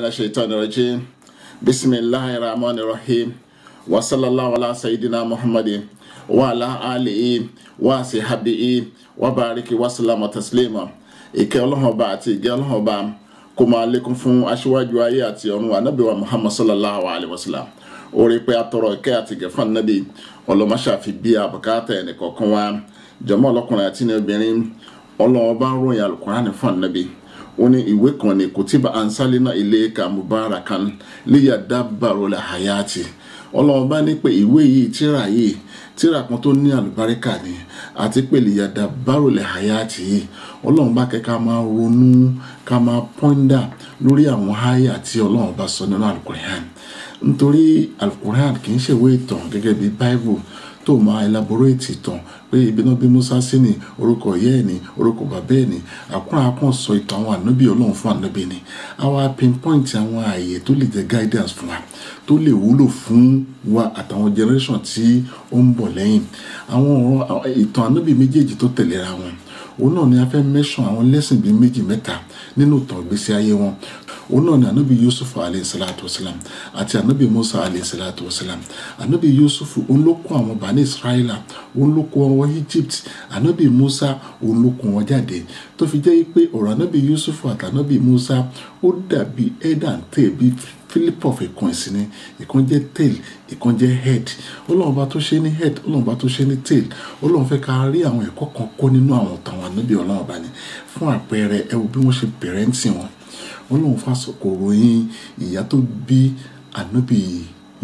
من الشيطان الرجيم بسم الله الرحمن الرحيم وصلى الله على سيدنا محمد وعلى آله وصحبه وبارك وسلم تسليما ìkẹ́ Ọlọ́run Ọba àti ìgẹ́ Ọlọ́run Ọba kó máa lékún fún aṣíwájú ayé àti ọ̀run ànábì wa Muhammad sallallahu alayhi wa sallam orí pé atọrọ ìkẹ́ àti ìgẹ́ fún ànábì ọlọmọṣàfi bí àbùkátà ẹnìkọ̀ọ̀kan wa jọmọ ọlọkùnrin àti ní obìnrin Ọlọ́run Ọba ń ròyìn Al-Qur'ani fún ànábì wani iwe kan ni kutiba ansalina ilayka mubarakan liyadabbaru lahayati ọlọ́run bá ní pé ìwé yìí tíra yìí tíra kan tó ní àlùbáríkà ni àti pé liyadabbaru lahayati yìí ọlọ́run bá kẹ́ ká máa ronú ká máa pọ́ńdà lórí àwọn háyà tí ọlọ́run bá sọ nínú alukur'an nítorí alukur'an kì í ṣèwé ìtàn gẹ́gẹ́ tó máa elaborate ìtàn pé ibi náà bí Musa sí ni orúkọ ìyá ẹ̀ ni orúkọ bàbá ẹ̀ ni àkúrà kan sọ ìtàn àwọn ànábì Ọlọ́run fún ànábì ni àwa pinpoint àwọn ààyè tó lè jẹ́ guidance fún wa tó lè wúlò fún wa àtàwọn generation tí ó ń bọ̀ lẹ́yìn àwọn ọ̀rọ̀ ìtàn ànábì méjèèjì tó tẹ̀léra wọn òun náà ni a fẹ́ mẹ́sàn àwọn lẹ́sìn bíi méjì mẹ́ta nínú ìtàn ìgbésí ayé wọn òun náà ni anabi yusuf aleyhisalatu wasalam àti anabi musa salatu wasalam anabi yusuf òun ló kó àwọn bani israẹla òun ló kó wọn egypt anabi musa òun ló kó wọn jáde tó fi jẹ́ pé ọ̀rọ̀ anabi yusuf àti anabi musa ó dàbí edan tẹ̀bi philip of ìkan ẹ̀sìn ni ìkan jẹ́ tail ìkan jẹ́ head ọlọ́run bá tó ṣe ní head ọlọ́run bá tó ṣe ní tail ọlọ́run fẹ́ ká rí àwọn ẹ̀kọ́ kan kó nínú àwọn tàwọn ànábì ọlọ́run bá ní fún àpẹẹrẹ ẹ bí wọ́n ṣe bẹ̀rẹ̀ ń tì wọ́n ọlọ́run fásokò ròyìn ìyá tó bí ànábì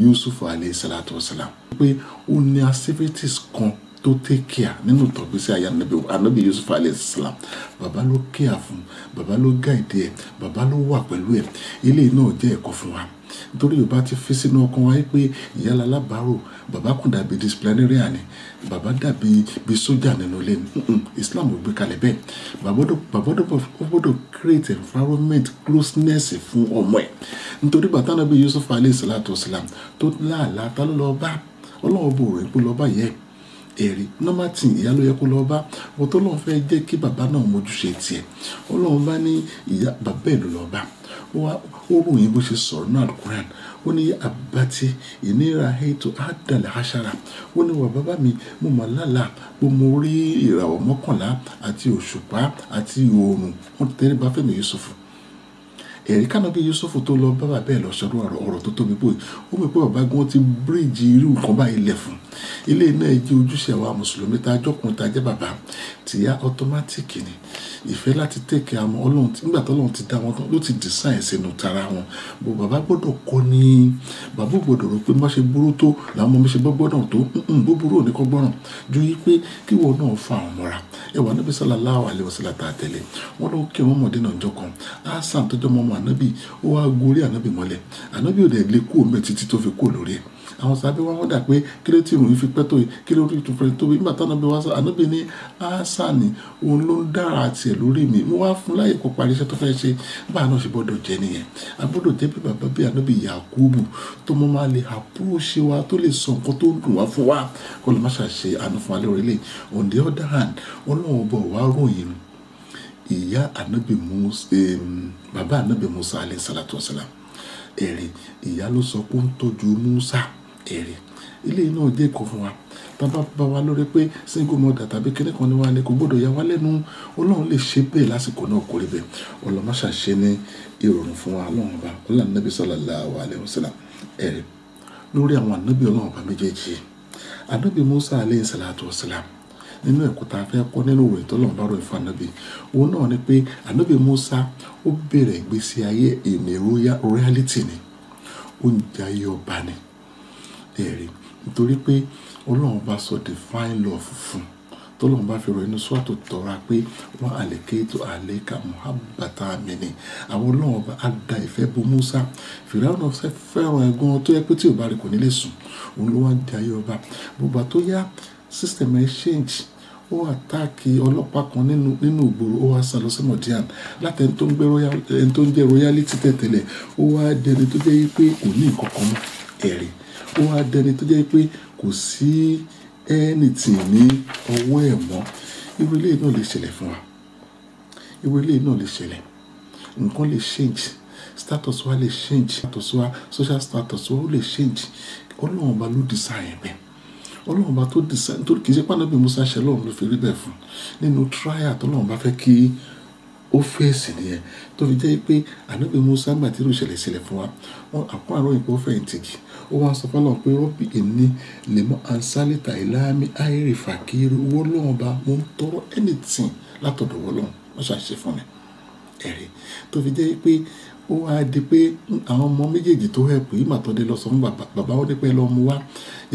yusuf alayhi salatu wasalam pé ó ní activities kan tó take care nínú ìtọ́gbésí ayé anabi yusuf alayhi salam bàbá ló care fún Baba ló guide ẹ Baba ló wà pẹ̀lú ẹ eléyìí náà jẹ́ ẹ̀kọ́ fún wa nítorí Yorùbá ti fi sínú ọkàn wa pé ìyá lalábàárò bàbá kò dàbí disciplinarian ni bàbá dàbí bí sójà nínú ilé ni Islam ò gbé kalẹ̀ bẹ́ẹ̀ bàbá gbọ́dọ̀ create environment closeness fún ọmọ ẹ̀ nítorí bàtà náà bí Yusuf alayhi salatu wasalam tó láàlá tá ló lọ bá ọlọ́wọ́ bò rẹ̀ pé lọ́ọ́ bá yẹ ẹ̀ ẹ̀rí normal thing ìyá ló yẹ kó lọ bá wọn tó lọ́n fẹ́ jẹ́ kí bàbá náà mójúṣe tiẹ̀ ọlọ́run bá ní ìyá bàbá ẹ̀ ló bá wa ó ròyìn bó ṣe sọ̀rọ̀ náà alukuran ó ní abati ìnira ètò àdàlẹ̀ àṣàrà ó ní wà bàbá mi mo mà lálà pé mo rí ìràwọ̀ mọ́kànlá àti òṣùpá àti oòrùn wọn tẹ́lẹ̀ bá fẹ́mi Yúsúfù ẹ̀rí kánàbí Yusufu tó lọ bá bàbá ẹ̀ lọ sọ̀rọ̀ ọ̀rọ̀ tó tóbi pé ó mọ̀ pé bàbá gan ti bíríìjì irú nǹkan báyìí lẹ̀ fún ilé náà jẹ́ ojúṣe àwa mùsùlùmí tá a jọ́kùnrin tá a jẹ́ bàbá tìyá ọtọmátìkì ni ìfẹ́ láti tẹ̀kẹ́ àmọ́ ọlọ́run nígbà tó ọlọ́run ti dá wọn tán ló ti design sínú tara wọn bó bàbá gbọ́dọ̀ kọ́ ni bàbá gbọ́dọ̀ rò pé má ṣe burú tó làwọn ọmọ mi ṣe gbọ́dọ̀ tó búburú òní kọ́ gbọ́ràn ju yí pé kí wọn náà fa àwọn mọ́ra ẹwà níbi sallallahu alaihi wasallam tá a tẹ̀lé wọn lọ kí wọn mọ̀dé náà jọ kan á sàn tó jọ mọ́ ànábì ó wá gorí ànábì mọ́lẹ̀ ànábì ò dẹ̀ lè kú òun bẹ̀ títí tó fi kú lórí ẹ̀ àwọn sábẹ́ wá wọ́n dà pé kí ló ti rùn yìí fi pẹ́ tó yìí kí ló rí tuntun tó yìí nígbà táwọn ọbẹ̀ wá sọ ànábì ní ásàní òun ló ń dára tiẹ̀ lórí mi mo wá fún láyè kó parí iṣẹ́ tó fẹ́ ṣe bá a náà ṣe gbọ́dọ̀ jẹ nìyẹn a gbọ́dọ̀ bí bàbá bí ànábì Yakubu tó mọ́ máa lè àpúròṣe wa tó lè sọ nǹkan tó dùn wá fún wa kó lè má ṣàṣe àánú fún wa lórí on the other hand ọlọ́run bọ̀ wá ròyìn ìyá anabi musa bàbá anabi musa alayhi salatu wasalam ẹ̀rí ìyá ló sọ pé ó ń tọ́jú musa ẹ̀rí eléyìí náà jẹ́ ìkọ́ fún wa bàbá bá wa lórí pé single mother tàbí kíní kan ni wà ní kò gbọ́dọ̀ yà wá lẹ́nu ọlọ́run lè ṣe bẹ́ẹ̀ lásìkò náà kò rí bẹ́ẹ̀ ọlọ́mọṣà ṣe ní ìrọ̀rùn fún wa ọlọ́run ọba ọlọ́run nàbí sallallahu alaihi wasallam ẹ̀rí lórí àwọn ànábì ọlọ́run ọba méjèèjì ànábì musa alayhi salatu wasalam nínú ẹ̀kọ́ tá a fẹ́ kọ́ nínú ìwé tọ́lọ́run bá rọ̀ ìfọ̀ ànábì òun náà ni pé ànábì Musa ó bẹ̀rẹ̀ ìgbésí ayé ìní royalty ni ó ń jẹ ayé ọba ni ẹ̀rí nítorí pé ọlọ́run bá sọ divine love fún tọ́lọ́run bá fi rọ inú sọ́ọ̀tò tọ́ra pé wọ́n àlékéètò àlékà muhabbata mini àwọn ọlọ́run bá á da ìfẹ́ bo Musa fìràwọ́n náà fẹ́ fẹ́ràn ẹ̀gbọ́n tó yẹ pé tí ò bá rí kò ní lè sùn òun ló wá di ayé ọba bùbá tó yá system exchange ó àtáàkì ọlọ́pàá kan nínú ìgboro ó wá sá lọ sí mọ̀díàn látẹni tó ń jẹ́ royalty tẹ̀tẹ̀lẹ̀ ó wá dẹni tó jẹ́ pé kò ní nǹkan kan mọ́ ẹ̀rí ó wá dẹni tó jẹ́ pé kò sí anything ní ọwọ́ ẹ̀ mọ́ irú eléyìí náà lè ṣẹlẹ̀ fún wa irú eléyìí náà lè ṣẹlẹ̀ nǹkan lè change status wa lè change status wa social status wa ó lè change ọlọ́run ọba ló design bẹ́ẹ̀ ọlọ́run bá tó design tó kì í ṣe pàdánù musa ṣe lọ́run ló fi rí bẹ́ẹ̀ fún nínú tráyà tọ́lọ́run bá fẹ́ kí ó fèsì nìyẹn tó fi jẹ́ pé ànábì musa gbà tí irú ìṣẹ̀lẹ̀ ìṣẹ̀lẹ̀ fún wa wọn àpọ́n àrùn ìpò fẹ̀yìntì jì ó wá sọ fọlọ́run pé rọ́bì èmi lè mọ ansálítà ìlàmì àìrè fàkiri owó lọ́wọ́n bá mo ń tọrọ anything látọ̀dọ̀ wọ́lọ́run wọ́n ṣàṣe fún mi ẹ̀rí tó fi jẹ́ pé ó wá di pé àwọn ọmọ méjèèjì tó hẹ̀pù yìí màtọ́dé lọ sọ fún bàbá bàbá ó ní pé lọ́ọ́ mu wá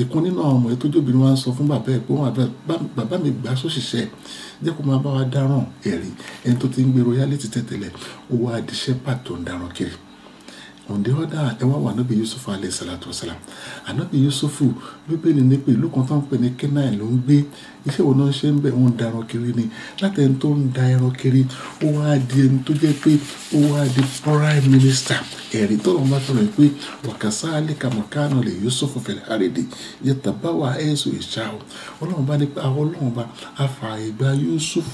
ìkún nínú àwọn ọmọ yẹn tó jóbìnrin wá ń sọ fún bàbá ẹ̀ pé wọn bàbá mi gbà sóṣìṣẹ́ jẹ́ kó máa bá wa dáràn ẹ̀rí ẹni tó ti ń gbèrò yálé ti tẹ̀tẹ̀lẹ̀ ó wá di ṣẹ́pà tó ń dáràn kiri on the other ẹ wá wà ànábì yusuf alayhi salatu wasalam ànábì yusuf bíbélì ní pé ìlú kan tó ń pè ní kenai ló ń gbé iṣẹ́ wo náà ṣe ń bẹ̀ wọ́n ń da ẹran kiri ni láti ẹni tó ń da ẹran kiri ó wá di ẹni tó jẹ́ pé ó wá di prime minister ẹ̀rí tó lọ́n bá tọrọ pé wàkàsá alẹ́kàmọ̀kánà lè yusuf fẹ̀lẹ̀ àrèdè yẹtàbáwá ẹ̀sùn ìṣá o ọlọ́run bá ní pé àwọn ọlọ́run bá afààyè gba yusuf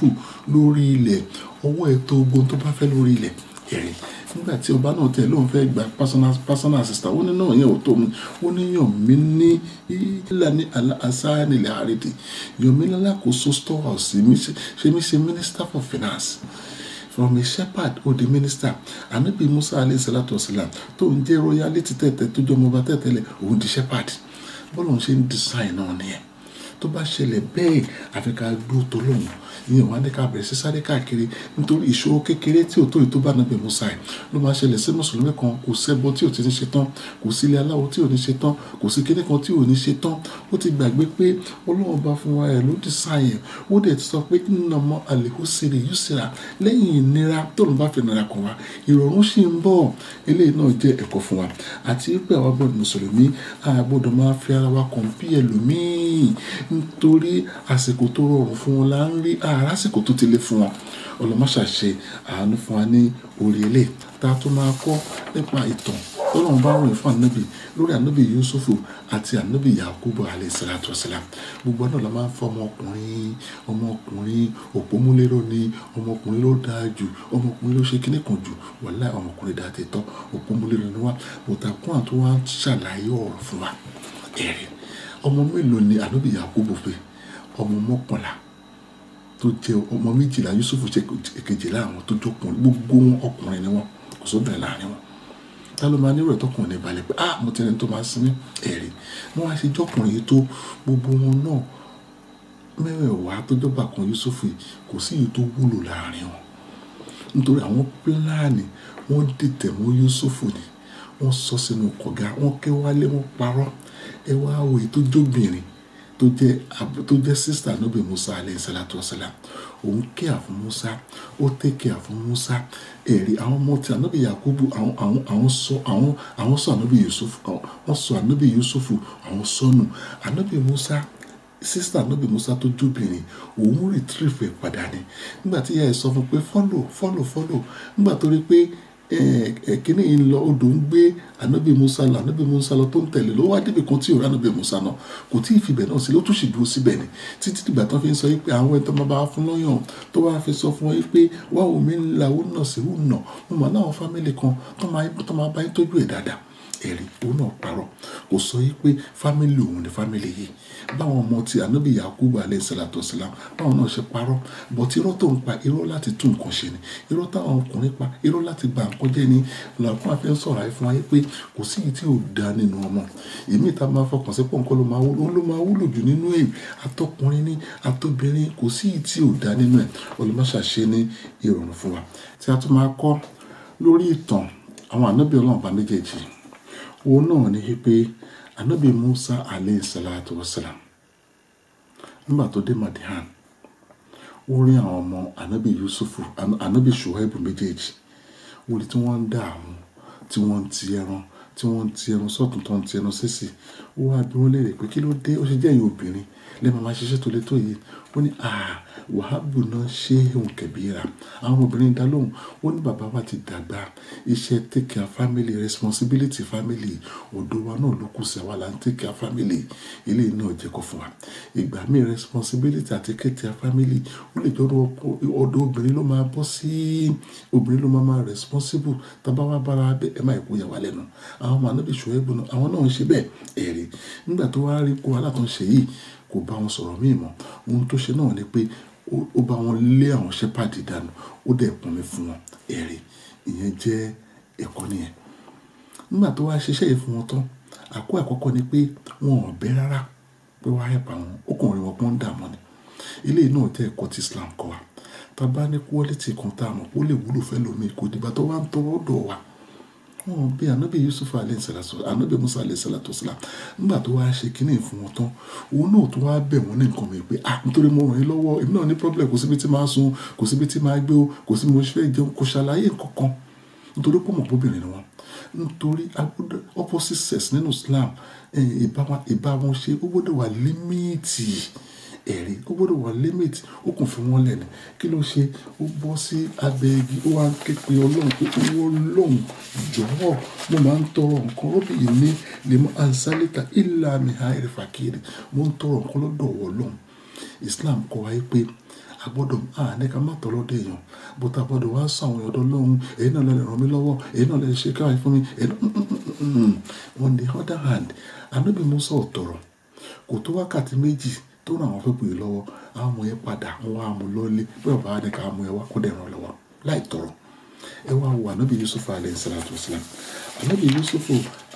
lórí ilẹ̀ ọwọ́ ètò ogun tó bá fẹ́ lórí ilẹ̀ ẹ̀rí nígbà tí ọba náà tẹ̀ lóun fẹ́ gba personal assistant ó ní náà yẹn ò tó mi ó ní yọ̀mí ní ìlànà aláṣáánilẹ̀ àrètè yọ̀mí store storehouse ṣe mí ṣe minister for finance from a shepherd ó di minister anabi musa alayhi salatu wasalam tó ń jẹ́ royalty tẹ̀tẹ̀ tó jọmọba tẹ̀tẹ̀lẹ̀ òun di shepherd bọ́lá òun ṣe ń design náà nìyẹn tó bá ṣẹlẹ̀ bẹ́ẹ̀ àfi ká gbó tó lòun ìyẹn wà ní ká bẹ̀rẹ̀ sí sáré káàkiri nítorí ìṣòro kékeré tí ò tó yìí tó bá nàbẹ̀ musa ẹ̀ ló máa ṣẹlẹ̀ sí mùsùlùmí kan kò sẹ́bọ tí ò ti ní ṣe tán kò sí ilé aláwo tí ò ní ṣe tán kò sí kíní kan tí ò ní ṣe tán ó ti gbàgbé pé ọlọ́run bá fún wa ẹ̀ ló dì sáyẹn ó dẹ̀ ti sọ pé nàmọ́ àlèkóṣeré yusra lẹ́yìn ìnira tóun bá fi nira kàn wá ìrọ̀rùn sì ń bọ̀ eléyìí náà jẹ́ ẹ̀kọ́ fún wa àti pé àwa bọ̀dọ̀ mùsùlùmí àgbọ̀dọ̀ máa fi ara wa kàn bí ẹlòmíì nítorí àsìkò tó rọrùn fún wọn la ń rí ààrá àsìkò tó ti lé fún wọn ọlọmọṣàṣe àánú fún wa ní orí ilé tá a tún máa kọ́ nípa ìtàn tọ́lọ́run bá ròyìn fún ànábì lórí ànábì yusufu àti ànábì yakubu alayhisalatu wasalam gbogbo náà la máa ń fọ́ ọmọkùnrin ọmọkùnrin òpómúlérò ni ọmọkùnrin ló dáa jù ọmọkùnrin ló ṣe kíní kan jù wàláì ọmọkùnrin dáa ti tọ́ òpómúlérò ni wá bùtàkùn àti wọn ṣàlàyé ọ̀rọ̀ fún wa ẹ̀rí ọmọ mélòó ni ànábì Yakubu fẹ́ ọmọ mọ́kànlá tó jẹ ọmọ méjìlá Yusufu jẹ èkejìlá àwọn tó jókòó gbogbo wọn ọkùnrin ni wọn kò sóbìnrin láàrin wọn ta ló máa nírò ẹtọkùnrin ní balẹ̀ pé ah mo ti rẹni tó máa sin ní ẹ̀rí wọn á ṣe jọkùnrin yìí tó gbogbo wọn náà mẹ́wẹ̀ẹ̀wá tó jọba kan Yusufu yìí kò sí èyí tó wúlò láàrin wọn nítorí àwọn pílánì wọn dìtẹ̀ mọ́ Yusufu ni wọ́n sọ sínú kọ̀gá wọ́n ké wálé wọ́n parọ́ ẹ wá wo èyí tó jóbìnrin tó jẹ́ tó jẹ́ sísà nóbì musa alayhi salatu wasalam òun kíà fún musa ó tẹ kíà fún musa èrè àwọn ọmọ tí ànábì yakubu àwọn àwọn àwọn sọ àwọn àwọn sọ ànábì yusufu wọn sọ ànábì Yusuf. àwọn sọnù ànábì musa sísà ànábì musa tó jóbìnrin òun retrieve ẹ padà ni nígbà tí ìyá ẹ sọ fún pé follow follow follow nígbà tó rí pé kíní yìí ń lọ odò ń gbé anabi musa lọ anabi musa lọ tó ń tẹ̀lé ló wá débi kan tí ò rí anabi musa náà kò tí ì fi bẹ̀ náà sílẹ̀ ó tún sì dúró síbẹ̀ ni títí dìgbà tán fi ń sọ pé àwọn ẹ̀tọ́ máa bá wa fún lọ́yàn tó wá fi sọ fún wọn pé wá omi ńlá ó nà sí ó nà mo mọ̀ láwọn fámìlì kan tó máa bá yín tójú ẹ̀ dáadáa ẹ̀rí òun náà parọ́ kò sọ yìí pé fámìlì òun ni fámìlì yìí báwọn ọmọ ti ànábì yakubu alẹ́ ìsìlátọ̀ sílám báwọn náà ṣe parọ́ bọ̀ tí irọ́ tó ń pa irọ́ láti tún nǹkan ṣe ni irọ́ táwọn ọkùnrin pa irọ́ láti gba nǹkan jẹ́ ni làkún àfi ń sọ̀rọ̀ àìfún ayé pé kò sí èyí tí ò da nínú ọmọ èmi ìta máa fọkàn sí pọ̀ nǹkan ló máa wúlò ló máa wúlò jù nínú èyí atọkùnrin ní atọbìnrin kò sí èyí tí ò da nínú ẹ̀ olùmọ̀ṣàṣe ní ìrọ̀rùn fún wa tí a tún máa kọ́ lórí ìtàn àwọn ànábì ọlọ́run bá méjèèjì òun náà ni wípé anábì Musa alayhi salatu wasalam nígbà tó dé Madihan ó rí àwọn ọmọ anabi Yusufu anábì Shuaibu méjèèjì ó rí tí wọ́n ń dá àwọn tí wọ́n ń ti ẹran tí wọ́n ń ti ẹran sọ́tún tó ń ti ẹran sẹ́sì ó wá bí wọ́n léèrè pé kí ló dé ó ṣe jẹ́ ẹ̀yin obìnrin máa ṣiṣẹ́ tó le tó yìí ó ní àà wàhábù náà ṣéhùn kẹ̀bíra àwọn obìnrin dá lóhùn ó ní bàbá wa ti dàgbà iṣẹ take care family responsibility family ọ̀dọ̀ wa náà ló kù sí àwa là ń take care family eléyìí náà fún wa ìgbà responsibility àti take care family ó lè obìnrin ló máa sí obìnrin ló máa máa responsible tábà bára ẹ máa kó yà wá àwọn ó bá wọn lé àwọn ṣẹ́pàdì dànù ó dẹ̀ pọnmi fún wọn ẹ̀rí ìyẹn jẹ́ ẹ̀kọ́ nìyẹn nígbà tó wá ṣiṣẹ́ yìí fún wọn tán àkó àkọ́kọ́ ni pé wọn ò bẹ́ rárá pé wọ́n á yẹ̀pà wọn ó kàn rí wọn pọ́n dààmú ni eléyìí náà jẹ́ ẹ̀kọ́ tí Islam kọ́ wa tá a bá ní quality kan tá a mọ̀ ó lè wúlò fẹ́ lómi kò dìgbà tó wá ń tọwọ́ dọ̀ wa fún wọn pé anabi yusuf anabi musa alayhisalatu wasalam nígbà tó wáá ṣe kínní fún wọn tán òun náà tó wáá bẹ̀ wọ́n ní nǹkan mi pé ah nítorí mo ràn yín lọ́wọ́ èmi náà ní problem kò síbi tí máa sun kò síbi tí máa gbé o kò síbi mo fẹ́ jẹun kò ṣàlàyé kankan nítorí pọ̀ mọ̀ bóbìnrin ni wọn nítorí opposite sex nínú islam ìbá wọn ṣe ó gbọ́dọ̀ wà límíìtì èrè ó gbọ́dọ̀ wà límìtì ó kàn fi wọ́n lẹ̀ ní kí ló ṣe ó bọ́ sí abẹ́ igi ó wá ké pe ọlọ́run pé owó ọlọ́run jọ̀wọ́ mo máa ń tọrọ nǹkan lọ́dọ̀ yìí ní lèmọ́ ansalita ilà mi ha ẹ̀rẹ̀ fàkiri mo ń tọrọ nǹkan lọ́dọ̀ ọlọ́run Islam kọ́ wa pé a gbọ́dọ̀ à ní ká má tọrọ dé èèyàn bó ta gbọ́dọ̀ wá sọ ọ̀dọ́ lọ́hùn èyí náà lè ràn mí lọ́wọ́ èyí náà lè ṣe káwáyé fún mi èyí náà mm, mm, mm, on the other hand anábìmọ́sọ̀ tọrọ kò tó wákàtí méjì tó ràn àwọn pípọ̀ yìí lọ́wọ́ á mú ẹ padà wọn á mú lọ́lé bí ọba á ní ká mú ẹ wá kó dẹ̀ ràn lọ́wọ́ láì tọrọ ẹ wá wo ànábì yusufu aleyhi salatu wasalam ànábì yusufu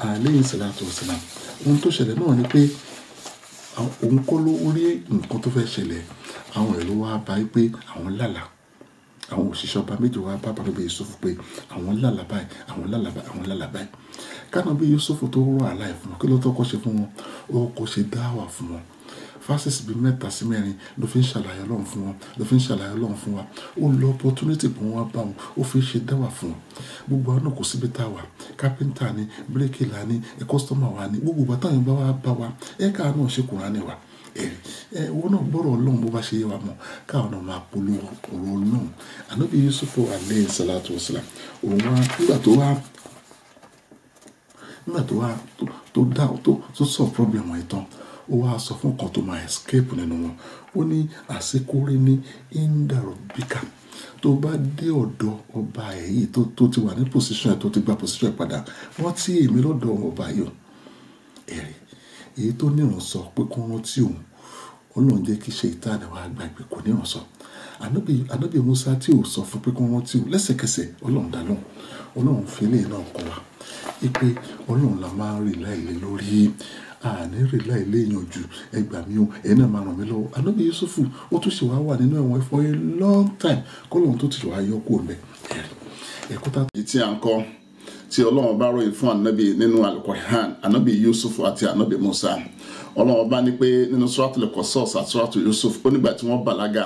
aleyhi salatu wasalam ohun tó ṣẹlẹ̀ náà ni pé òun kọ́ ló rí nǹkan tó fẹ́ ṣẹlẹ̀ àwọn ẹ̀ ló wá bá yí pé àwọn lálàá àwọn òṣìṣẹ́ ọba méjì wá bá bàbá yusufu pé àwọn lálàá báyìí àwọn lálàá báyìí àwọn bí yusufu tó rọ àlàyé fún wọn kí ló tọ́kọ́ ṣe fún wọn ó kò ṣe dáwà fún wọn verses bíi mẹ́ta sí mẹ́rin ló fi ń ṣàlàyé ọlọ́run fún wọn ló fi ń ṣàlàyé ọlọ́run fún wa ó lo opportunity bó wọn bá wọn ó fi ṣe dáwà fún wọn gbogbo àwọn náà kò síbi tá a wà kápẹ́ńtà ni bíríkìlà ni kọ́sítọ́mà wa ni gbogbo ìgbà táwọn bá wa bá wa ẹ̀ka náà ṣe Kùránì wa ẹ wọn náà gbọ́rọ̀ ọlọ́run bó bá ṣe yé wa mọ̀ káwọn náà máa polówó ọ̀rọ̀ ọlọ́run ànábì yusufu alayhi salatu wasalam òun wa nígbà tó wá nígbà tó wá tó dá tó sọ problem ẹ̀ tán ó wá sọ fún kan tó máa escape nínú wọn ó ní àṣekúrí ní indarobika tó bá dé ọ̀dọ̀ ọba ẹ̀ yìí tó ti wà ní position ẹ̀ tó ti gba position ẹ̀ padà wọ́n ti èmi lọ́dọ̀ ọba yìí ẹ̀rí èyí tó níran sọ pé kó rántí òun ọlọ́run jẹ́ kí ṣe ìtàn àwọn àgbàgbé kò níran sọ ànábì Musa tí ò sọ fún pé kó rántí òun lẹ́sẹ̀kẹsẹ̀ ọlọ́run dá lóhùn ọlọ́run fẹ́lẹ́ náà kọ́ wa pé ọlọ́run la máa ń rìn láìlé lórí àní rè láì léèyàn jù ẹ gbà mí o ẹ náà máa ràn mí lọ́wọ́ anábì yusufu ó tún ṣe wàá wà nínú ẹ̀wọ̀n for a long time kọ́lọ́hún tó ti wàá yọ kó mẹ́ ẹ̀kọ́ tá. èyí tí a ń kọ́ tí ọlọ́run bá ròyìn fún ànábì nínú Al-Qur'an ànábì yusufu àti ànábì musa ọlọ́run bá ní pé nínú suratul Qasas àti suratul Yusuf ó nígbà tí wọ́n bàlágà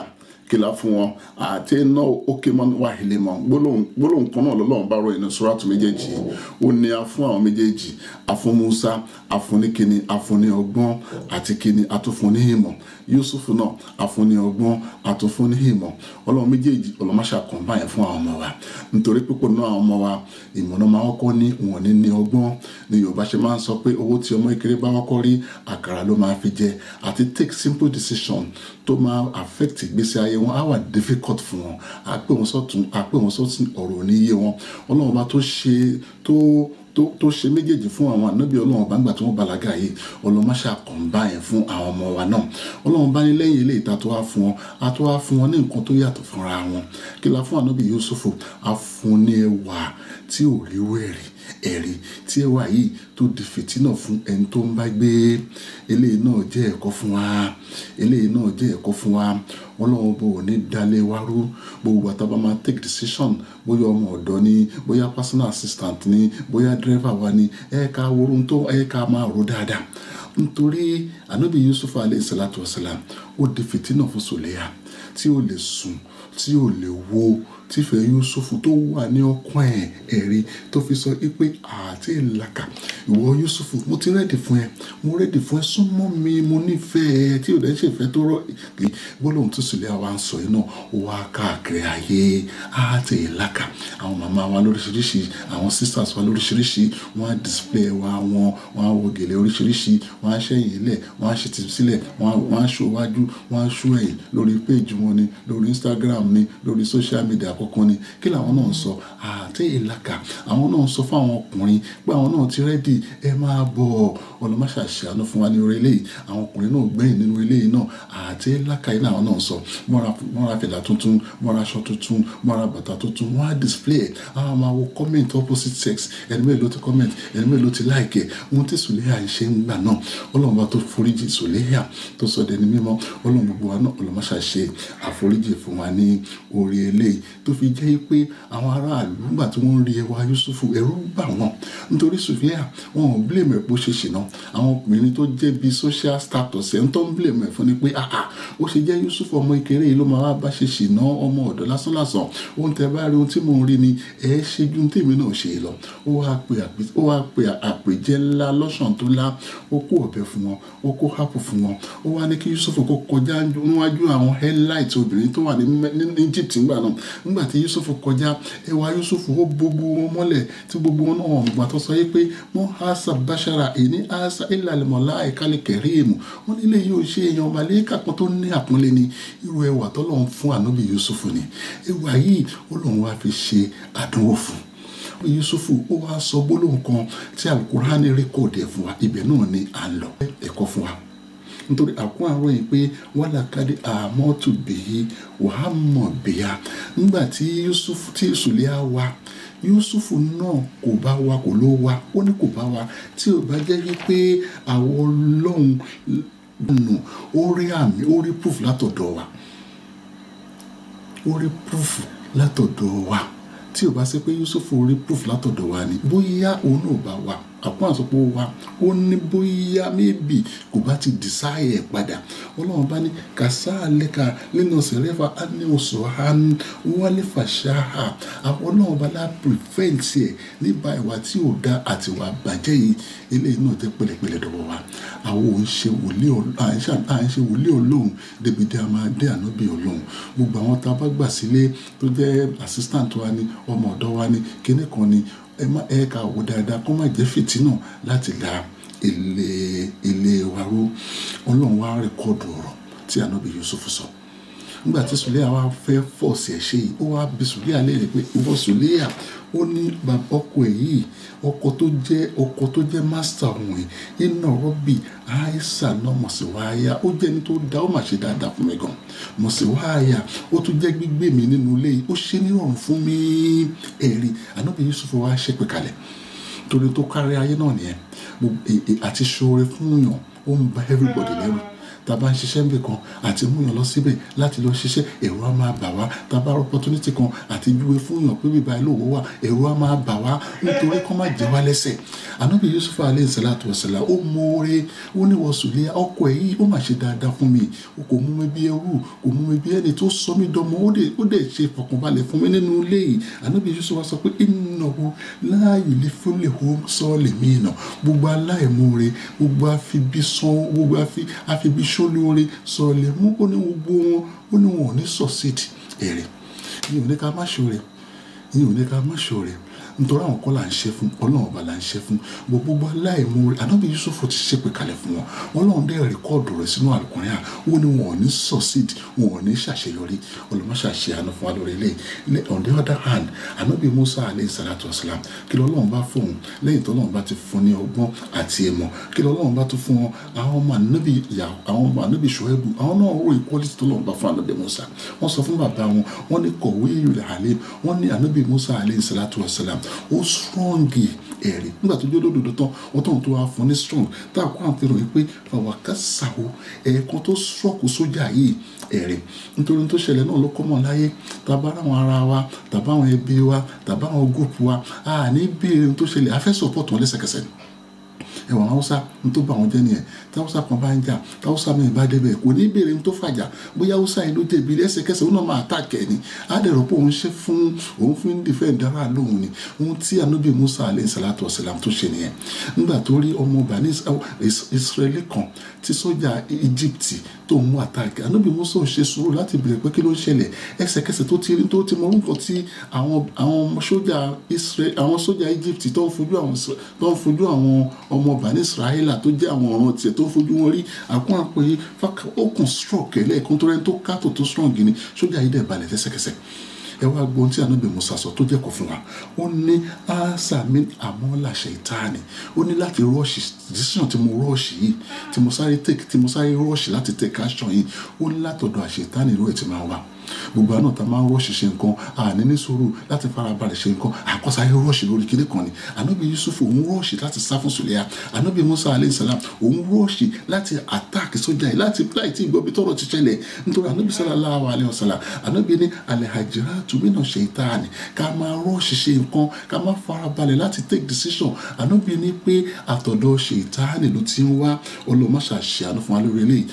kìlá fún wọn àti iná òkè mọ́ wàhálì mọ́ gbólóhùn kan náà lọ́lọ́run bá ròyìn sọ́ràtù méjèèjì ó ní a fún àwọn méjèèjì a fún Musa a fún ọgbọ́n àti kíni a ìmọ̀ Yusuf náà a fún ní ọgbọ́n a tún fún ní ìmọ̀ ọlọ́run méjèèjì ọlọ́máṣà kan báyẹn fún àwọn ọmọ wa nítorí púpọ̀ náà àwọn ọmọ wa ìmọ̀ náà máa kọ́ ní wọn ní ọgbọ́n ni Yorùbá ṣe máa ń sọ pé owó tí ọmọ ìkéré bá kọ́kọ́ rí àkàrà ara ló máa fi jẹ àti take simple decision tó máa affect ìgbésí ayé wọn á wà difficult fún wọn á pè wọn sọ́tún á pè wọn sọ́tún ọ̀rọ̀ oníyé wọn ọlọ́run bá tó ṣe tó tó tó ṣe méjèèjì fún àwọn ànábì ọlọ́run bá ń gbà tí wọ́n balaga yìí ọlọ́run má ṣàkàn báyẹn fún àwọn ọmọ wa náà ọlọ́run bá ní lẹ́yìn ilé ìta tó wá fún wọn a tó wá fún wọn ní nǹkan tó yàtọ̀ fúnra wọn kí la fún ànábì Yúsúfù a fún ní ẹwà tí ò rí wẹ̀rì ẹ̀rí tí ẹwà yìí tó di fìtínà fún ẹni tó ń bá gbé eléyìí náà jẹ́ ẹ̀kọ́ fún wa eléyìí náà jẹ́ ẹ̀kọ́ fún wa ọlọ́run bò ní dalẹ̀ wa rú gbogbo àtàbà máa take decision bóyá ọmọ ọ̀dọ́ ni bóyá personal assistant ni bóyá driver wa ni ẹ̀ka orun tó ẹ̀ka máa rò dáadáa nítorí ànábì Yusuf alayhi salatu wasalam ó di fìtínà fún sòléyà tí ó lè sùn tí ó lè wo tífẹ̀ Yúsúfù tó wà ní ọkàn ẹ̀ ẹ̀rí tó fi sọ pé àti ìlàkà ìwọ Yúsúfù mo ti rẹ́dì fún ẹ mo rẹ́dì fún ẹ súnmọ́ mi mo nífẹ̀ẹ́ tí ò dẹ́ ṣèfẹ́ tó rọ́ ìgbé gbólóhùn tó sì lé àwa ń sọ yìí náà ó wá káàkiri ayé àti ìlàkà àwọn màmá wa lóríṣiríṣi àwọn sisters wa lóríṣiríṣi wọ́n á display wa wọn wọ́n á wọ gèlè oríṣiríṣi wọ́n á ṣẹ́yìn ilẹ̀ wọ́n á ṣètì sílẹ̀ wọ́n á ṣòwájú wọ́n á ṣó lórí péèjì wọn ni lórí Instagram ni lórí social media kankan ni kí làwọn náà ń sọ àti ìlàkà àwọn náà ń sọ fún àwọn ọkùnrin pé àwọn náà ti rẹ́dì ẹ máa bọ̀ ọlọ́mọṣà ṣàánú fún wa ní orí eléyìí àwọn ọkùnrin náà gbẹ̀yìn nínú eléyìí náà àti ìlàkà yìí làwọn náà ń sọ mọ́ra fìlà tuntun mọ́ra aṣọ tuntun mọ́ra bàtà tuntun wọ́n á display ẹ̀ àwọn máa wo comment opposite sex ẹni mélòó ti comment ẹni mélòó ti like ẹ̀ ohun tí sùlẹ́yà ń ṣe ń gbà náà ọlọ́run bá tó foríjì sùlẹ́yà tó sọ dẹni mímọ́ ọlọ́run gbogbo wa náà ọlọ́mọṣà fi jẹ́ pé àwọn aráàlú nígbà tí wọ́n ń rí ẹwà Yusufu ẹ̀rù bà wọ́n nítorí Sùfíà wọn ò blame ẹ̀ pé ó ṣe ṣìnà àwọn obìnrin tó jẹ́ bíi social status ẹ̀ ń tó ń blame ẹ̀ fún ni pé àà ó ṣe jẹ́ Yusufu ọmọ ìkéré yìí ló máa bá ṣe ṣìnà ọmọ ọ̀dọ́ lásánlàsàn ohun tẹ bá rí ohun tí mò ń rí ni ẹ ṣe ju tèmi náà ṣe lọ ó wá pe àpèjẹ ńlá lọ́sàn tó lá ó kó ọ̀bẹ fún wọn ó kó hápù fún wọn ó wá ní kí Yusufu kó kọjá níwájú àwọn headlight obìnrin tó wà ní Egypt ńgbà nígbà tí Yusuf kọjá ẹwà Yusuf ó gbogbo wọn mọ́lẹ̀ tí gbogbo wọn náà ọ̀gbà tó sọ yìí pé wọ́n hasa bashara èní hasa ìlàlẹ́mọ̀lá ẹ̀kálẹ̀ kẹrìmù wọ́n nílé yóò ṣe èèyàn màlẹ́kà kan tó ní àpọ́nlé ni irú ẹwà tọ́lọ́run fún ànábì Yusuf ni ẹwà yìí ó lóun wá fi ṣe àdánwò fún un yusufu ó wá sọ gbólóhùn kan tí alukurani rékòdì ẹ̀ fún wa ibẹ̀ náà ni à ń lọ ẹ̀kọ́ fún wa nítorí àkún àròyìn pé wàlàkàdé àmọ́ tù bìí wàá mọ̀ bìíya nígbà tí Yusuf tí sùlẹ́à wa yusufu náà kò bá wa kò ló wa ó ní kò bá wa tí ò bá jẹ́ wípé àwọn ọlọ́run nù ó rí àmì ó rí proof látọ̀dọ̀ wa ó rí proof látọ̀dọ̀ wa tí ò bá ṣe pé yusufu rí proof látọ̀dọ̀ wa ni bóyá òun náà bá wa àwọn àsopọ̀ wa ó ní bóyá méjì kò bá ti dìsáyẹ̀ padà ọlọ́run bá ní kàsáàlẹ́ka nínú sẹ̀rẹ́fà ánìwòsàn án wálé fàṣáà àwọn ọlọ́run bá lá prevent ẹ̀ nípa ìwà tí ò da àti ìwà bàjẹ́ yìí eléyìí náà jẹ́ pẹ̀lẹ́pẹ̀lẹ́ dọ̀wọ́ wa àwọn ò ń ṣe wòlé ọlọ́run débi a máa dé ànábì ọlọ́run gbogbo àwọn tá a bá gbà sílé tó jẹ́ assistant wa ni ọmọ ọ̀dọ́ wa ni kíní kan ni ẹ má ẹ kà wò dáadáa kó má jẹ́ fìtínà láti da ilé ilé wa ró ọlọ́run wá rẹ̀kọ́ọ̀dù ọ̀rọ̀ tí ànábì Yusuf sọ. So nígbà tí sùlẹ́yà wá fẹ́ fọ̀ọ̀sì ẹ̀ ṣe yìí ó wá bi sùlẹ́yà léèrè pé ìwọ sùlẹ́yà ó ní ọkọ ẹ̀ yìí ọkọ tó jẹ́ ọkọ tó jẹ́ mástà ọ̀hún ẹ̀ iná rọ́bì àìsà náà mọ̀síwáyà ó jẹ́ ẹni tó dá ó mà ṣe dáadáa fún mi gan mọ̀síwáyà ó tún jẹ́ gbígbé mi nínú ilé yìí ó ṣe nírọ̀rùn fún mi ẹ̀rí ànábì Yusuf wá ṣépè kalẹ̀ torí tó kárí ayé náà nìyẹn e, e, àti ṣoore fún yàn ó ń ba everybody lẹ́rù tá a bá ń ṣiṣẹ́ níbì kan àti múyàn lọ síbẹ̀ láti lọ ṣiṣẹ́ ẹ̀rù á máa bà wá tá opportunity kan àti júwe fúnyàn pé bíbá ilé òwò wà ẹ̀rù á máa bà wá nítorí kó má jẹ́ wá lẹ́sẹ̀ ànábì Yusuf alayhi salatu wa ó mọ̀ọ́rẹ́ ó ní wọ́sùn lé ọkọ ẹ̀ yìí ó mà ṣe dáadáa fún mi kò mú mi bí ẹrú kò mú mi bí ẹni tó sọ mí dọmọ ó dẹ̀ ṣe fọkànbalẹ̀ fún mi nínú ilé yìí ànábì Yusuf wa sọ pé ìnáwó láàyò lè fún lè hó sọ́ọ̀lì mí ìnà gbogbo aláìmoore gbogbo afibi sọ gbogbo afibi ṣolóore sọ̀lẹ̀ mú ó ní gbogbo wọn ó ní wọn ò ní sọ̀sídìí ẹ̀rẹ̀ ìyẹn ò ní ká má ṣòrẹ̀ ìyẹn ò ní ká má ṣòrẹ̀ nítorí àwọn kọ́ là ń ṣe fún ọlọ́run ọba là ń ṣe fún gbogbo aláìmoore ànábì yusuf ti ṣépè kalẹ̀ fún wọn ọlọ́run dẹ́ rẹ́kọ́ọ̀dù rẹ̀ sínú àlùkùnrin à ó ní wọn ò ní succeed wọn ò ní ṣàṣeyọrí ọlọ́mọṣà ṣe àánú fún wa lórí ilé on the other hand ànábì musa alayhi salatu wasalam kí lọ́lọ́run bá fún òun lẹ́yìn tọ́lọ́run bá ti fún ní ọgbọ́n àti ìmọ̀ kí lọ́lọ́run bá tún fún wọn àwọn ọmọ ànábì yà àwọn ọmọ ànábì ṣọ́ẹ́bù àwọn náà rò equality tọ́lọ́run bá fún ànábì musa wọ́n sọ fún bàbá wọn wọ́n ní kọ̀wé ìrẹ̀ wọ́n ní ànábì musa alayhi salatu wasalam ó strong ẹ̀rí nígbà tó jẹ́ olódodo tán ọtọ́run tó wá fún ní strong tá a kó àtẹrò yìí pé fàwákàsà o ẹ̀ẹ̀kan tó sọ̀kù sójà yìí ẹ̀rí nítorí tó ṣẹlẹ̀ náà ló kọ́mọ̀ láyé tàbá àwọn ara wa tàbá àwọn ẹbí wa tàbá àwọn gúùpù wa a ní bí ohun tó ṣẹlẹ̀ afẹ́ sọ̀pọ̀tàn lẹ́sẹ̀kẹsẹ̀ ni ẹ̀wọ̀n haúsá ní tó bá wọn jẹ́ nìyẹn táwùsá kan bá ń jà táwùsá mi bá débẹ̀ kò ní béèrè ní tó fàjà bóyá haúsá yìí ló débi lẹ́sẹ̀kẹsẹ̀ òun náà máa tà kẹ́ ni á dẹ̀ rò pé òun ṣe fún òun fi ń dìfẹ́ dára lóhùn ni ohun tí anábì musa alayhi salatu wasalam tó ṣe nìyẹn nígbà tó rí ọmọ bani israẹli kan tí sọ́jà Egypt tó mú attack ànábì Musa ń ṣe sùúrù láti bèrè pé kí ló ń ṣẹlẹ̀ ẹsẹ̀kẹsẹ̀ tó ti rí tó ti mọ nǹkan tí àwọn àwọn sọ́jà Israel àwọn sọ́jà Egypt tó ń fojú àwọn tó ń fojú àwọn ọmọ bani Israẹla tó jẹ́ àwọn ọ̀ràn tiẹ̀ tó ń fojú wọn rí àkúrà pé ó kàn strong ẹlẹ́ẹ̀kan tó rẹ́ni tó kátó tó strong ni sọ́jà yìí dẹ̀ balẹ̀ lẹ́sẹ̀kẹsẹ̀ ẹ wá gbọ́n tí anábì musa sọ tó jẹ́kọ̀ọ́ fún wa ó ní ansa mi àmọ́ làṣẹ ìtaani ó ní láti rọ́ọ̀ṣì decision tí mo rọ́ọ̀ṣì yìí tí mo sáré take tí mo sáré rọ́ọ̀ṣì láti take action yìí ó ní látọ̀dọ̀ àṣẹ ìtaani ló ẹ̀ máa wà gbogbo àná ta máa ń rọ́ọ̀ṣì ṣe nǹkan àní ní sùúrù láti farabalẹ̀ ṣe nǹkan àkọsáyé rọ́ọ̀ṣì lórí kíní kan ni ànábì Yusuf òun rọ́ọ̀ṣì láti sá fún sùlẹ́yà ànábì Musa alayhi salam òun rọ́ọ̀ṣì láti attack sójà yìí láti láì tí ìgbọ́bi tọrọ ti ṣẹlẹ̀ nítorí ànábì sallallahu alayhi wa sallam ànábì ní al-hajratu mina shaytani ká máa rọ́ọ̀ṣì ṣe nǹkan ká máa farabalẹ̀ láti take decision ànábì ní pé àtọ̀dọ̀ ṣètáàní ló ti ń wá ọlọ́mọṣàṣì àná fún wa lórí eléyìí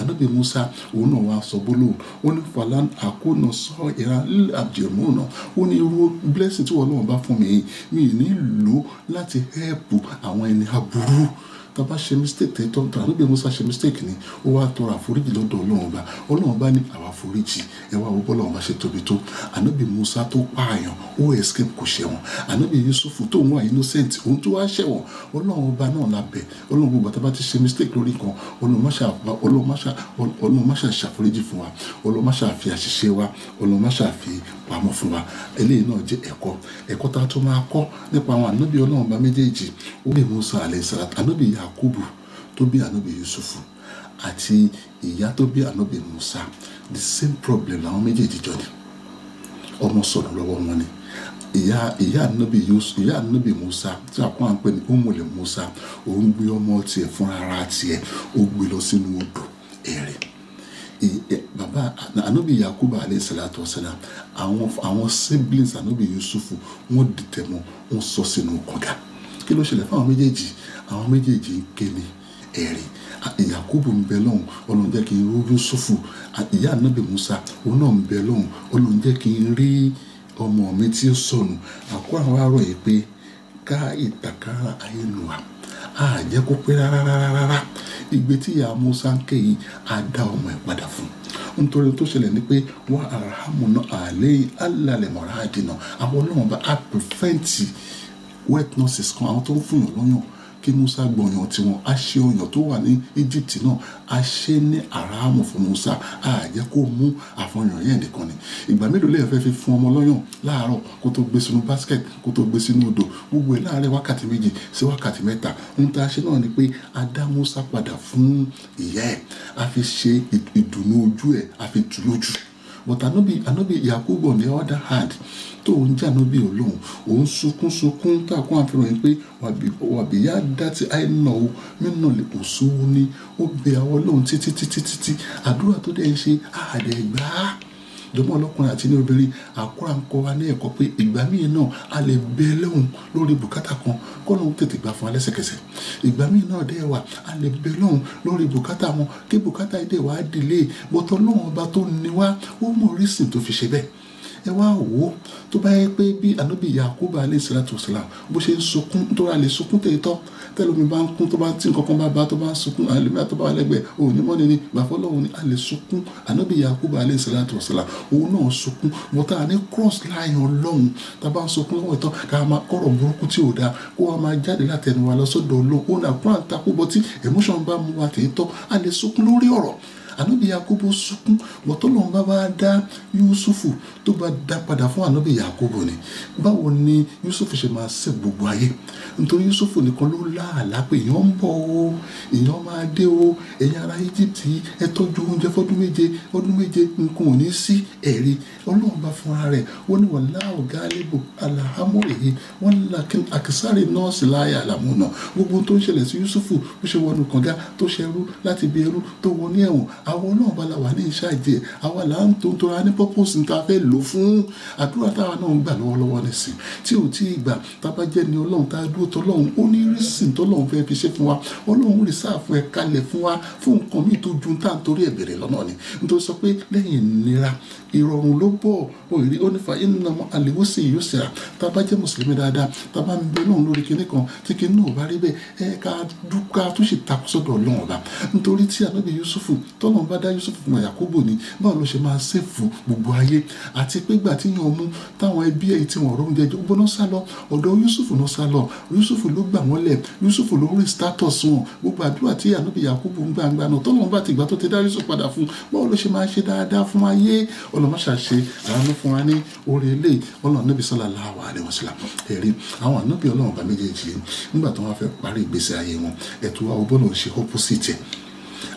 ànábì Musa òun náà wá sọ gbólóhùn ó ní lan àkónà sọ ìran abdulmuna ó ní irú blessing tí wọn lọ́wọ́ bá fún mi yìí mi ì ní lò láti help àwọn ẹni aburú tó bá ṣe mistake tó tọ́ tàbí Musa ṣe mistake ni ó wá tọrọ àforíjì lọ́dọ̀ ọlọ́run ọba ọlọ́run ọba ní àwa àforíjì ẹ wá wọ́pọ̀ lọ́run bá ṣe tóbi tó ànábì Musa tó pààyàn ó escape kò ṣẹ̀wọ̀n ànábì Yusuf tó ń wà innocent òun tó wá ṣẹ̀wọ̀n ọlọ́run ọba náà la bẹ̀ ọlọ́run gbogbo àtàbá ti ṣe mistake lórí kan ọlọ́run má ṣàforíjì fún wa ọlọ́run má ṣàfi àṣìṣe wa ọlọ́run má ṣàfi pamọ́ fún wa eléyìí náà jẹ́ ẹ̀kọ́ ẹ̀kọ́ tá a tún máa kọ́ nípa àwọn ànábì ọlọ́run bá méjèèjì ó lè Mùsá alayhi ànábì Yakubu tó bí ànábì Yusufu àti ìyá tó bí ànábì Mùsá the same problem làwọn méjèèjì jọ ni ọmọ sọ̀rọ̀ lọ́wọ́ wọn ni ìyá ìyá ànábì Yusuf ìyá ànábì Musa tí àpọ́n à ń pè ní umule Musa òun gbé ọmọ tiẹ̀ fúnra ara tiẹ̀ ó gbé lọ sínú odò ẹ̀rìn bàbá ànábì yakuba alayhi salatu wasalam àwọn àwọn siblings ànábì yusufu wọ́n dìtẹ̀ mọ́ wọ́n sọ sínú kànga kí ló ṣẹlẹ̀ fáwọn méjèèjì àwọn méjèèjì ń ké ni ẹ̀rí yakubu ń bẹ lọ́hùn ọlọ́run jẹ́ kí n rú yusufu ìyá ànábì musa òun náà ń bẹ lọ́hùn ọlọ́run jẹ́ kí n rí ọmọ mi tí ó sọnù àkó àwọn arọ yìí pé ká ìtàkárà ayélujára a jẹ́ kó pé rárá rárá rárá ìgbé tí ìyá musa ń ké yìí á dá ọmọ ẹ̀ padà fún un nítorí tó ṣẹlẹ̀ ni pé wọ́n arahamu náà àlẹ́ alàlẹ̀ mọ̀ra àwọn ọlọ́run a prevent wet nurses kan àwọn tó ń fún yàn lọ́yàn kí Musa gbọ̀yàn tiwọn a ṣe ọyàn tó wà ní Egypt náà a ṣe ní àràmù fún Musa a jẹ́ kó mú àfọyàn yẹn nìkan ni ìgbà mélòó lẹ́yìn fẹ́ fi fún ọmọ lọ́yàn láàárọ̀ kó tó gbé sínú basket kó tó gbé sínú odò gbogbo ẹ̀ láàárẹ̀ wákàtí méjì sí wákàtí mẹ́ta ohun tá a ṣe náà ni pé a dá Musa padà fún ìyá ẹ̀ a fi ṣe ìdùnnú ojú ẹ̀ a fi tù lójú ẹ̀ but I I no be no be yakubu on the other hand tó ń jà níbi olóhùn òun sunkún sunkún tàkùn àfihàn pé wàbíyá dátì àìnà o nínà lè kò sówó ní ó bẹ àwọn olóhùn títí títí títí àdúrà tó dẹ̀ ń ṣe àdẹ̀gbàá jọmọ́ ọlọ́kùnrin àti ní obìnrin àkúrà ń kọ́ wa ní ẹ̀kọ́ pé ìgbà míì náà a lè bẹ lẹ́hùn lórí bùkátà kan kọ́ lóun tètè gbà fún wa ìgbà míì náà dẹ́ wà a lè bẹ lọ́hùn lórí bùkátà wọn kí bùkátà yìí dẹ̀ wá dìlé bọ́tọ̀ lọ́hùn ọba tó ní wá ó mọ̀ orísìn tó fi ṣe bẹ́ẹ̀ ẹ wá wò ó tó bá yẹ pé bí ànábì Yakubu alayhi salatu wasalam bó ṣe ń sunkún tó ra lè sunkún tẹ̀ tọ́ tẹ́lómi bá ń kún tó bá tí nǹkan kan bá bá tó bá ń sunkún àlèmí àtọ́bá alẹ́gbẹ̀ẹ́ òní mọ́ni ni bàbá ọlọ́run ni a lè sunkún ànábì Yakubu alayhi salatu wasalam òun náà sunkún bọ́tà ní cross line ọlọ́run tá a bá ń sunkún lọ́wọ́ ìtọ́ ká máa kọ́rọ̀ burúkú tí ò dáa kó wa máa jáde látẹnu wa lọ sọ́dọ̀ ọlọ́run ó ànábì yakubu sunkún wọ́n bá bá dá yusufu tó bá dá padà fún ànábì yakubu ni báwo ni yusufu ṣe máa ṣe gbogbo ayé nítorí yusufu nìkan ló láàlá pé èèyàn ń bọ̀ o èèyàn máa dé o ẹ̀yin ará egypt ẹ tọ́jú oúnjẹ fọ́dún méje ọdún méje nǹkan ò ní sí ẹ̀rí ọlọ́run bá fúnra rẹ̀ ó ní wọ́n láò gáálébù alahamu èyí wọ́n lakin akisari nọ́ọ̀sì láàyè àlàmú náà gbogbo tó ń ṣẹlẹ̀ sí yusufu ó ṣe wọnú kànga tó ṣerú láti bí ẹrú tó wọ ní ẹ̀wọ̀n àwọn náà bá la wà ní iṣẹ́ àìjẹ́ àwa là ń tó tora ní purpose ta fẹ́ lò fún àdúrà táwa náà ń gbà lọ́wọ́lọ́wọ́ nísìn tí ò tí ì gbà tá a bá jẹ́ ni ọlọ́run tá a dúró tọ́lọ́run ó ní rísìn tọ́lọ́run fẹ́ fi ṣe fún wa ọlọ́run rì sáà fún ẹ kalẹ̀ fún wa fún nǹkan míì tó ju tá à ń torí ẹ̀ bẹ̀rẹ̀ lọ́nà ni nítorí sọ pé lẹ́yìn ìnira ìrọ̀rùn ló bọ̀ òyìnbí ó nífa iná àlèwò sí ìyó síra tá a bá jẹ́ mùsùlùmí dáadáa tá a bá ń bẹ lóhùn lórí kinní kan tí kinní náà bá rí bẹ́ẹ̀ ẹ dúkà tó ṣe takò sọ́dọ̀ ọlọ́run nítorí tí àbẹ́bí Yusufu tọ́l tọ́lọ́n bá dá Yusuf mọ̀ Yakubu ni báwo ló ṣe máa ṣèfù gbogbo ayé àti pé gbà tí yan mú táwọn ẹbí ẹ̀ tí wọ́n rọ́ọ̀dẹ̀ jẹ́ gbọ́n náà sá lọ ọ̀dọ̀ Yusuf náà sá lọ Yusuf ló gbà wọ́n lẹ̀ Yusuf ló rí status wọn gbogbo àdúrà tí ànábì Yakubu ń gbàǹgbà náà tọ́lọ́n bá ti gbà tó ti dá Yusuf padà fún báwo ló ṣe máa ṣe dáadáa fún ayé ọlọ́mọṣàṣe àánú fún wa ní orí ilé ọlọ́run níbi sọ́lá láwà rẹ̀ wọ́n sílá ẹ̀rí àwọn ànábì ọlọ́run bá méjèèjì nígbà tó wọ́n fẹ́ parí ìgbésí ayé wọn ẹ̀tọ́ wa ọgbọ́n lòún ṣe opposite ẹ̀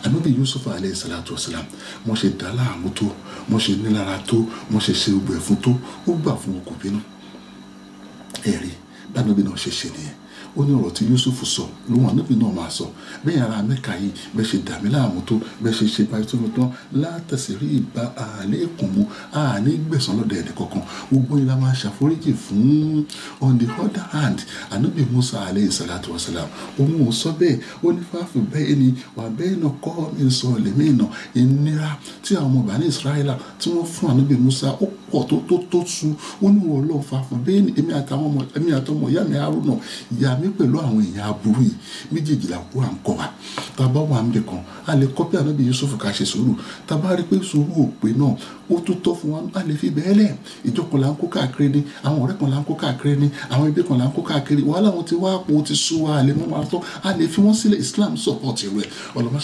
ànábì yusuf alayhi salatu wasalam wọ́n ṣe dá láàmú tó wọ́n ṣe nílára tó wọ́n ṣe ṣe gbẹ̀fún tó ó gbà fún wọn kò bínú ẹ̀rí bánábì náà ṣe ṣe nìyẹn ó ní ọ̀rọ̀ tí Yusuf sọ ló wọn níbi náà máa sọ bẹ́ẹ̀ ara mẹ́ka yìí bẹ́ẹ̀ ṣe dàmí láàmú tó bẹ́ẹ̀ ṣe ṣe báyìí tó fi tán látẹ̀sí rí ìbá àlékún mu àní gbẹ̀sán lọ́dọ̀ ẹ̀dẹ̀ kankan gbogbo yìí la máa ṣàforíjì fún on the other hand ànábì Musa aleyhi salatu wa salam òun ò sọ bẹ́ẹ̀ ó ní fáfi bẹ́ẹ̀ ni wà bẹ́ẹ̀ náà kọ́ mi sọ lèmi náà ìnira tí àwọn ọmọ ìbàní Israẹla tí wọ́n fún ànábì Musa ó pọ̀ tó tó tó tu ó ní ní pẹ̀lú àwọn èèyàn aburú yìí méjèèjì là kó à ń kọ wa tá a bá wà ń bẹ̀ kan a lè kọ́pì ànábì Yusuf ká ṣe sùúrù tá a bá rí pé sùúrù ò pé náà ó tó tọ́ fún wa a lè fi bẹ́ẹ̀ lẹ̀ ìjọkọ̀ là ń kó káàkiri ni àwọn ọ̀rẹ́ kan là ń kó káàkiri ni àwọn ẹbí kan là ń kó káàkiri wàhálà wọn ti wá àpò ti sú wa a lè mú wa tọ́ a lè fi wọ́n sílẹ̀ Islam support rẹ̀ ọlọ́mọ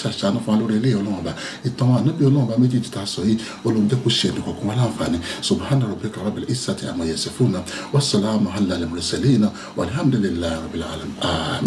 um,